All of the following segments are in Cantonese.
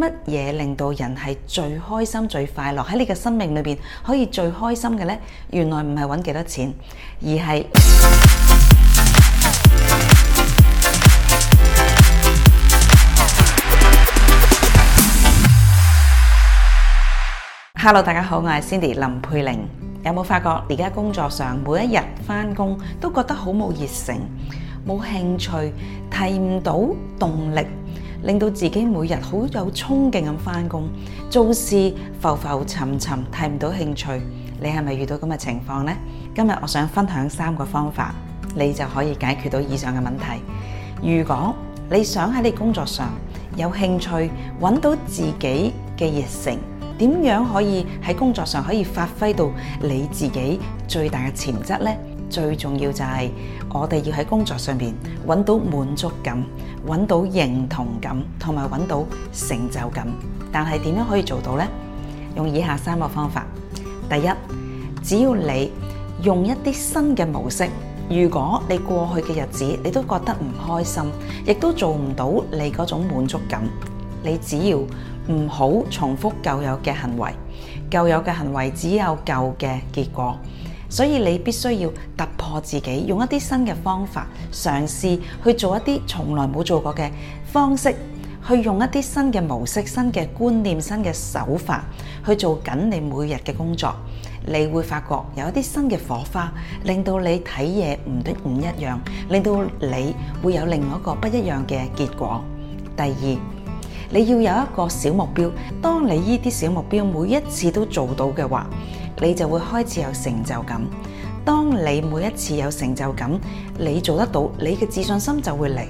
乜嘢令到人係最開心最快樂？喺你嘅生命裏邊可以最開心嘅呢，原來唔係揾幾多錢，而係。Hello，大家好，我係 Cindy 林佩玲。有冇發覺而家工作上每一日翻工都覺得好冇熱誠、冇興趣、提唔到動力？令到自己每日好有衝勁咁翻工，做事浮浮沉沉，提唔到興趣。你係咪遇到咁嘅情況咧？今日我想分享三個方法，你就可以解決到以上嘅問題。如果你想喺你工作上有興趣，揾到自己嘅熱誠，點樣可以喺工作上可以發揮到你自己最大嘅潛質咧？最重要就係我哋要喺工作上面揾到滿足感，揾到認同感，同埋揾到成就感。但係點樣可以做到呢？用以下三個方法。第一，只要你用一啲新嘅模式，如果你過去嘅日子你都覺得唔開心，亦都做唔到你嗰種滿足感，你只要唔好重複舊有嘅行為，舊有嘅行為只有舊嘅結果。所以你必須要突破自己，用一啲新嘅方法，嘗試去做一啲從來冇做過嘅方式，去用一啲新嘅模式、新嘅觀念、新嘅手法去做緊你每日嘅工作，你會發覺有一啲新嘅火花，令到你睇嘢唔一唔一樣，令到你會有另外一個不一樣嘅結果。第二。你要有一個小目標，當你呢啲小目標每一次都做到嘅話，你就會開始有成就感。當你每一次有成就感，你做得到，你嘅自信心就會嚟。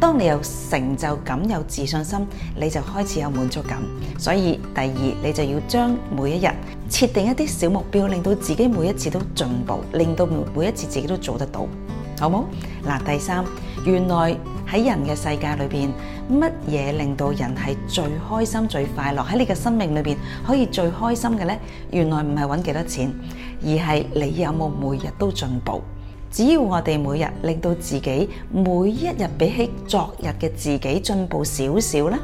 當你有成就感、有自信心，你就開始有滿足感。所以第二，你就要將每一日設定一啲小目標，令到自己每一次都進步，令到每一次自己都做得到。好冇嗱？第三，原來喺人嘅世界裏邊，乜嘢令到人係最開心最快樂？喺你嘅生命裏邊可以最開心嘅呢？原來唔係揾幾多錢，而係你有冇每日都進步。只要我哋每日令到自己每一日比起昨日嘅自己進步少少呢。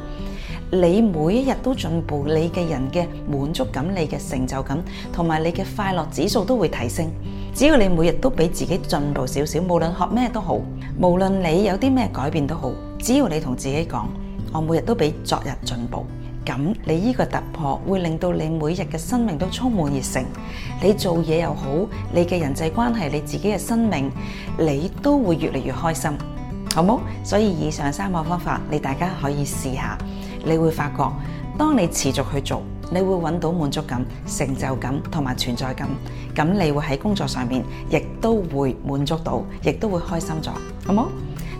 你每一日都進步你嘅人嘅，滿足感你嘅成就感，同埋你嘅快樂指數都會提升。只要你每一日都俾自己進步少少無論學咩都好，無論你有啲咩改變都好，只要你同自己講，我每一日都比昨日進步，咁你呢個突破會令到你每一日嘅生命都充滿熱誠，你做嘢又好，你嘅人際關係你自己嘅生命你都會越嚟越開心。好冇？所以以上三個方法，你大家可以試下。你會發覺，當你持續去做，你會搵到滿足感、成就感同埋存在感。咁你會喺工作上面亦都會滿足到，亦都會開心咗，好冇？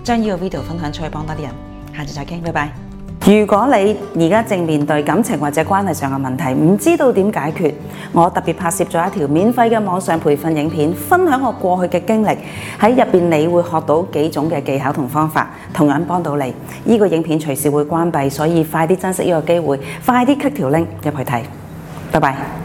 將呢個 video 分享出去幫得啲人。下次再見，拜拜。如果你而家正面對感情或者關係上嘅問題，唔知道點解決，我特別拍攝咗一條免費嘅網上培訓影片，分享我過去嘅經歷，喺入面你會學到幾種嘅技巧同方法，同樣幫到你。呢、這個影片隨時會關閉，所以快啲珍惜呢個機會，快啲 click 條 link 入去睇，拜拜。